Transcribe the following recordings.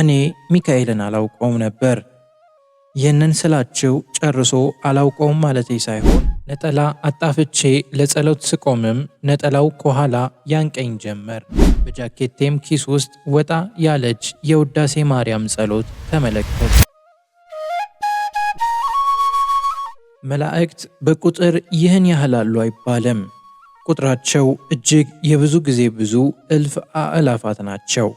እኔ ሚካኤልን አላውቀውም ነበር። ይህንን ስላችው ጨርሶ አላውቀውም ማለቴ ሳይሆን ነጠላ አጣፍቼ ለጸሎት ስቆምም ነጠላው ከኋላ ያንቀኝ ጀመር። በጃኬቴም ኪስ ውስጥ ወጣ ያለች የውዳሴ ማርያም ጸሎት ተመለከት። መላእክት በቁጥር ይህን ያህል አሉ አይባልም። ቁጥራቸው እጅግ የብዙ ጊዜ ብዙ እልፍ አእላፋት ናቸው።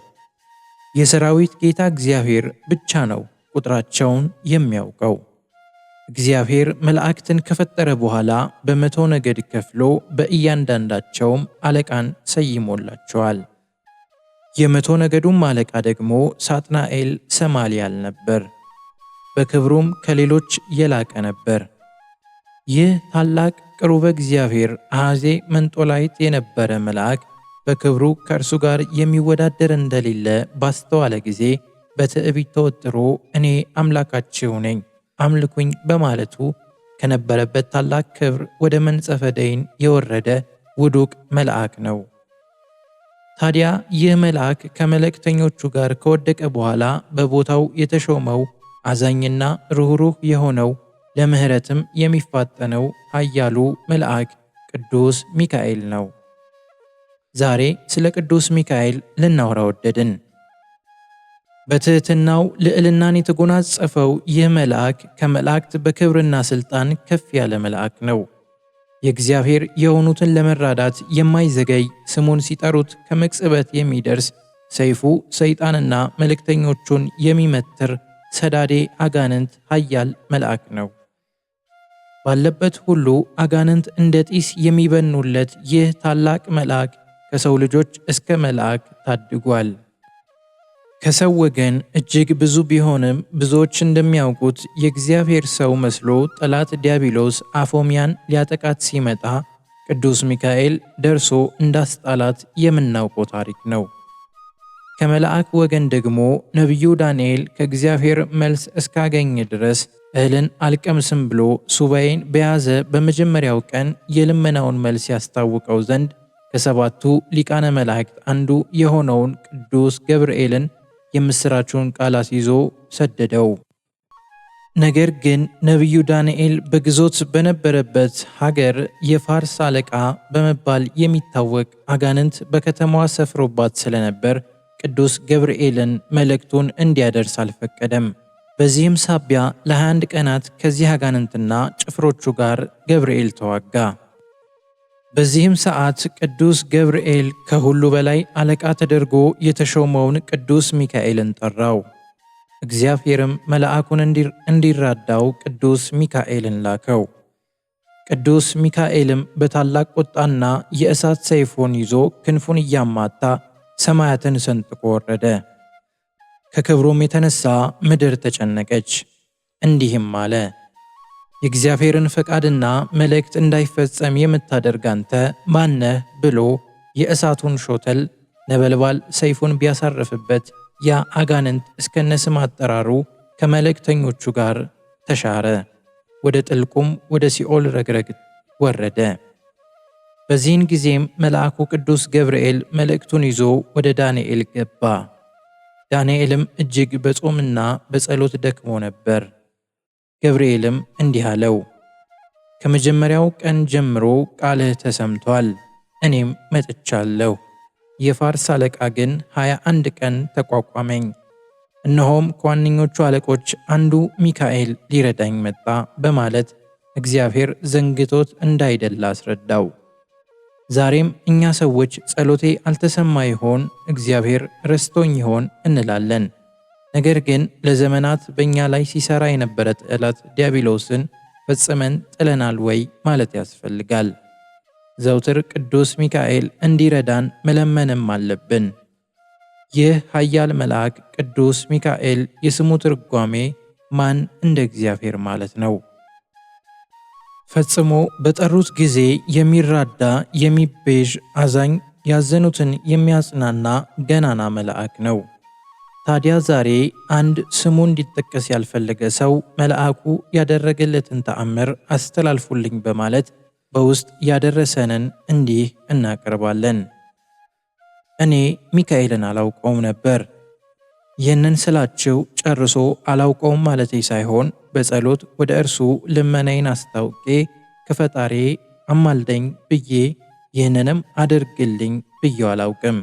የሰራዊት ጌታ እግዚአብሔር ብቻ ነው ቁጥራቸውን የሚያውቀው። እግዚአብሔር መላእክትን ከፈጠረ በኋላ በመቶ ነገድ ከፍሎ በእያንዳንዳቸውም አለቃን ሰይሞላቸዋል። የመቶ ነገዱም አለቃ ደግሞ ሳጥናኤል ሰማሊያል ነበር። በክብሩም ከሌሎች የላቀ ነበር። ይህ ታላቅ ቅሩበ እግዚአብሔር አሐዜ መንጦላይት የነበረ መልአክ በክብሩ ከእርሱ ጋር የሚወዳደር እንደሌለ ባስተዋለ ጊዜ በትዕቢት ተወጥሮ እኔ አምላካችሁ ነኝ አምልኩኝ በማለቱ ከነበረበት ታላቅ ክብር ወደ መንጸፈ ደይን የወረደ ውዱቅ መልአክ ነው። ታዲያ ይህ መልአክ ከመልእክተኞቹ ጋር ከወደቀ በኋላ በቦታው የተሾመው አዛኝና ርኅሩህ የሆነው ለምሕረትም የሚፋጠነው ኃያሉ መልአክ ቅዱስ ሚካኤል ነው። ዛሬ ስለ ቅዱስ ሚካኤል ልናወራ ወደድን። በትሕትናው ልዕልናን የተጎናጸፈው ይህ መልአክ ከመላእክት በክብርና ሥልጣን ከፍ ያለ መልአክ ነው። የእግዚአብሔር የሆኑትን ለመራዳት የማይዘገይ ስሙን ሲጠሩት ከመቅጽበት የሚደርስ ሰይፉ ሰይጣንና መልእክተኞቹን የሚመትር ሰዳዴ አጋንንት ኃያል መልአክ ነው። ባለበት ሁሉ አጋንንት እንደ ጢስ የሚበኑለት ይህ ታላቅ መልአክ ከሰው ልጆች እስከ መልአክ ታድጓል። ከሰው ወገን እጅግ ብዙ ቢሆንም ብዙዎች እንደሚያውቁት የእግዚአብሔር ሰው መስሎ ጠላት ዲያብሎስ አፎሚያን ሊያጠቃት ሲመጣ ቅዱስ ሚካኤል ደርሶ እንዳስጣላት የምናውቀው ታሪክ ነው። ከመልአክ ወገን ደግሞ ነቢዩ ዳንኤል ከእግዚአብሔር መልስ እስካገኘ ድረስ እህልን አልቀምስም ብሎ ሱባኤን በያዘ በመጀመሪያው ቀን የልመናውን መልስ ያስታውቀው ዘንድ ከሰባቱ ሊቃነ መላእክት አንዱ የሆነውን ቅዱስ ገብርኤልን የምሥራቹን ቃል አስይዞ ሰደደው። ነገር ግን ነቢዩ ዳንኤል በግዞት በነበረበት ሀገር የፋርስ አለቃ በመባል የሚታወቅ አጋንንት በከተማዋ ሰፍሮባት ስለነበር ቅዱስ ገብርኤልን መልእክቱን እንዲያደርስ አልፈቀደም። በዚህም ሳቢያ ለ21 ቀናት ከዚህ አጋንንትና ጭፍሮቹ ጋር ገብርኤል ተዋጋ። በዚህም ሰዓት ቅዱስ ገብርኤል ከሁሉ በላይ አለቃ ተደርጎ የተሾመውን ቅዱስ ሚካኤልን ጠራው። እግዚአብሔርም መልአኩን እንዲራዳው ቅዱስ ሚካኤልን ላከው። ቅዱስ ሚካኤልም በታላቅ ቁጣና የእሳት ሰይፎን ይዞ ክንፉን እያማታ ሰማያትን ሰንጥቆ ወረደ። ከክብሩም የተነሳ ምድር ተጨነቀች። እንዲህም አለ የእግዚአብሔርን ፈቃድና መልእክት እንዳይፈጸም የምታደርግ አንተ ማነህ ብሎ የእሳቱን ሾተል ነበልባል ሰይፉን ቢያሳርፍበት ያ አጋንንት እስከነ ስም አጠራሩ ከመልእክተኞቹ ጋር ተሻረ፣ ወደ ጥልቁም ወደ ሲኦል ረግረግ ወረደ። በዚህን ጊዜም መልአኩ ቅዱስ ገብርኤል መልእክቱን ይዞ ወደ ዳንኤል ገባ። ዳንኤልም እጅግ በጾምና በጸሎት ደክሞ ነበር። ገብርኤልም እንዲህ አለው፣ ከመጀመሪያው ቀን ጀምሮ ቃልህ ተሰምቷል፣ እኔም መጥቻለሁ። የፋርስ አለቃ ግን ሀያ አንድ ቀን ተቋቋመኝ። እነሆም ከዋነኞቹ አለቆች አንዱ ሚካኤል ሊረዳኝ መጣ በማለት እግዚአብሔር ዘንግቶት እንዳይደለ አስረዳው። ዛሬም እኛ ሰዎች ጸሎቴ አልተሰማ ይሆን፣ እግዚአብሔር ረስቶኝ ይሆን እንላለን። ነገር ግን ለዘመናት በእኛ ላይ ሲሰራ የነበረ ጠላት ዲያብሎስን ፈጽመን ጥለናል ወይ ማለት ያስፈልጋል። ዘውትር ቅዱስ ሚካኤል እንዲረዳን መለመንም አለብን። ይህ ኃያል መልአክ ቅዱስ ሚካኤል የስሙ ትርጓሜ ማን እንደ እግዚአብሔር ማለት ነው። ፈጽሞ በጠሩት ጊዜ የሚራዳ የሚቤዥ አዛኝ፣ ያዘኑትን የሚያጽናና ገናና መልአክ ነው። ታዲያ ዛሬ አንድ ስሙ እንዲጠቀስ ያልፈለገ ሰው መልአኩ ያደረገለትን ተአምር አስተላልፉልኝ በማለት በውስጥ ያደረሰንን እንዲህ እናቀርባለን። እኔ ሚካኤልን አላውቀውም ነበር። ይህንን ስላችው ጨርሶ አላውቀውም ማለቴ ሳይሆን በጸሎት ወደ እርሱ ልመናዬን አስታውቄ ከፈጣሬ አማልደኝ ብዬ ይህንንም አድርግልኝ ብዬው አላውቅም።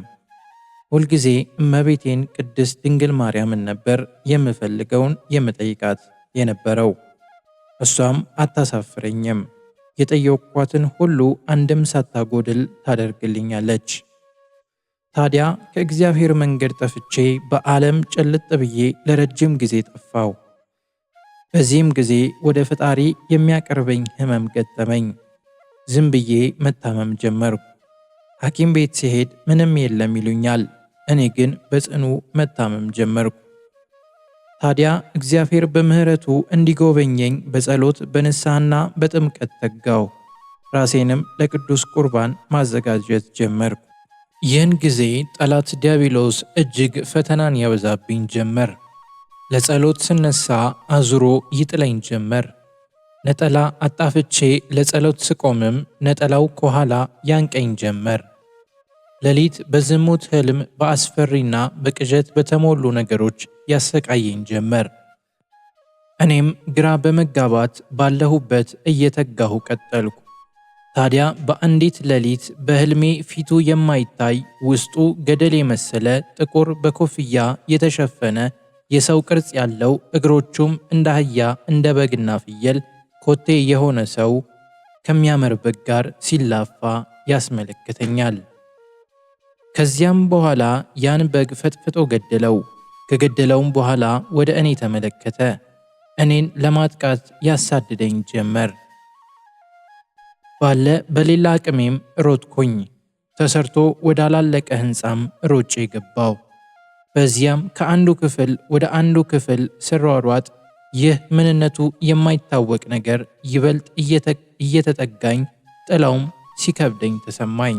ሁልጊዜ እመቤቴን ቅድስት ድንግል ማርያምን ነበር የምፈልገውን የምጠይቃት የነበረው። እሷም አታሳፍረኝም፣ የጠየቅኳትን ሁሉ አንድም ሳታጎድል ታደርግልኛለች። ታዲያ ከእግዚአብሔር መንገድ ጠፍቼ በዓለም ጭልጥ ብዬ ለረጅም ጊዜ ጠፋው። በዚህም ጊዜ ወደ ፈጣሪ የሚያቀርበኝ ህመም ገጠመኝ። ዝም ብዬ መታመም ጀመርኩ። ሐኪም ቤት ሲሄድ ምንም የለም ይሉኛል። እኔ ግን በጽኑ መታመም ጀመርኩ። ታዲያ እግዚአብሔር በምሕረቱ እንዲጎበኘኝ በጸሎት በንስሐና በጥምቀት ተጋው። ራሴንም ለቅዱስ ቁርባን ማዘጋጀት ጀመርኩ። ይህን ጊዜ ጠላት ዲያብሎስ እጅግ ፈተናን ያበዛብኝ ጀመር። ለጸሎት ስነሳ አዙሮ ይጥለኝ ጀመር። ነጠላ አጣፍቼ ለጸሎት ስቆምም ነጠላው ከኋላ ያንቀኝ ጀመር። ሌሊት በዝሙት ህልም በአስፈሪና በቅዠት በተሞሉ ነገሮች ያሰቃየኝ ጀመር። እኔም ግራ በመጋባት ባለሁበት እየተጋሁ ቀጠልኩ። ታዲያ በአንዲት ሌሊት በህልሜ ፊቱ የማይታይ ውስጡ ገደል የመሰለ ጥቁር በኮፍያ የተሸፈነ የሰው ቅርጽ ያለው እግሮቹም እንደ አህያ እንደ በግና ፍየል ኮቴ የሆነ ሰው ከሚያምር በግ ጋር ሲላፋ ያስመለክተኛል። ከዚያም በኋላ ያን በግ ፈጥፍጦ ገደለው። ከገደለውም በኋላ ወደ እኔ ተመለከተ። እኔን ለማጥቃት ያሳድደኝ ጀመር። ባለ በሌላ አቅሜም ሮጥኩኝ። ተሰርቶ ወዳላለቀ ሕንፃም ሮጬ ገባው። በዚያም ከአንዱ ክፍል ወደ አንዱ ክፍል ስሯሯጥ ይህ ምንነቱ የማይታወቅ ነገር ይበልጥ እየተጠጋኝ ጥላውም ሲከብደኝ ተሰማኝ።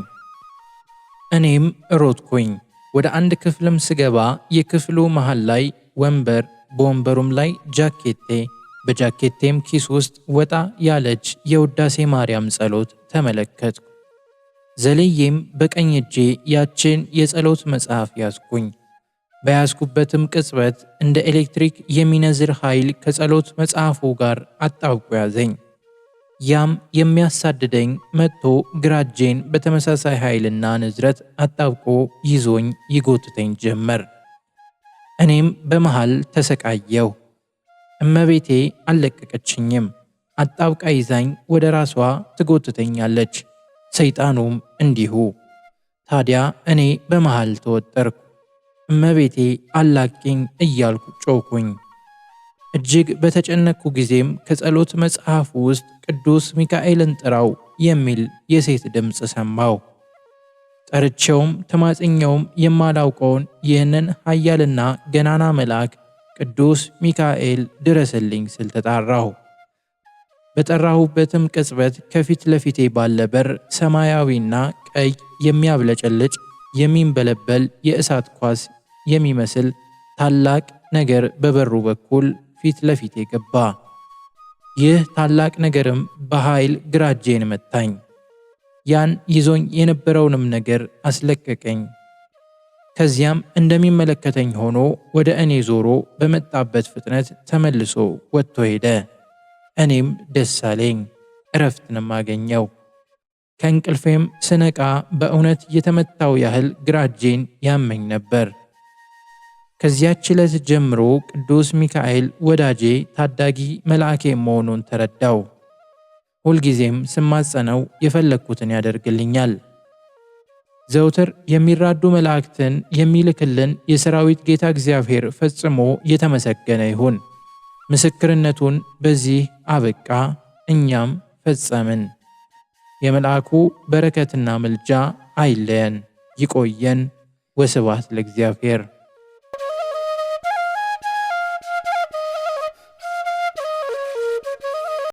እኔም ሮጥኩኝ። ወደ አንድ ክፍልም ስገባ የክፍሉ መሃል ላይ ወንበር፣ በወንበሩም ላይ ጃኬቴ፣ በጃኬቴም ኪስ ውስጥ ወጣ ያለች የውዳሴ ማርያም ጸሎት ተመለከትኩ። ዘለዬም በቀኝ እጄ ያችን የጸሎት መጽሐፍ ያዝኩኝ። በያዝኩበትም ቅጽበት እንደ ኤሌክትሪክ የሚነዝር ኃይል ከጸሎት መጽሐፉ ጋር አጣብቆ ያዘኝ። ያም የሚያሳድደኝ መጥቶ ግራጄን በተመሳሳይ ኃይልና ንዝረት አጣብቆ ይዞኝ ይጎትተኝ ጀመር። እኔም በመሃል ተሰቃየው እመቤቴ አልለቀቀችኝም። አጣብቃ ይዛኝ ወደ ራሷ ትጎትተኛለች። ሰይጣኑም እንዲሁ። ታዲያ እኔ በመሃል ተወጠርኩ። እመቤቴ አላቂኝ እያልኩ ጮኩኝ። እጅግ በተጨነቅኩ ጊዜም ከጸሎት መጽሐፍ ውስጥ ቅዱስ ሚካኤልን ጥራው የሚል የሴት ድምፅ ሰማው። ጠርቼውም ተማጽኛውም የማላውቀውን ይህንን ኃያልና ገናና መልአክ ቅዱስ ሚካኤል ድረስልኝ ስል ተጣራሁ። በጠራሁበትም ቅጽበት ከፊት ለፊቴ ባለ በር ሰማያዊና ቀይ የሚያብለጨልጭ የሚንበለበል የእሳት ኳስ የሚመስል ታላቅ ነገር በበሩ በኩል ፊት ለፊቴ ገባ። ይህ ታላቅ ነገርም በኃይል ግራጄን መታኝ። ያን ይዞኝ የነበረውንም ነገር አስለቀቀኝ። ከዚያም እንደሚመለከተኝ ሆኖ ወደ እኔ ዞሮ በመጣበት ፍጥነት ተመልሶ ወጥቶ ሄደ። እኔም ደስ አለኝ፣ እረፍትንም አገኘው። ከእንቅልፌም ስነቃ በእውነት የተመታው ያህል ግራጄን ያመኝ ነበር። ከዚያች ዕለት ጀምሮ ቅዱስ ሚካኤል ወዳጄ ታዳጊ መልአኬ መሆኑን ተረዳው። ሁልጊዜም ስማጸነው የፈለግኩትን ያደርግልኛል። ዘውትር የሚራዱ መላእክትን የሚልክልን የሰራዊት ጌታ እግዚአብሔር ፈጽሞ የተመሰገነ ይሁን። ምስክርነቱን በዚህ አበቃ፣ እኛም ፈጸምን። የመልአኩ በረከትና ምልጃ አይለየን፣ ይቆየን። ወስብሐት ለእግዚአብሔር።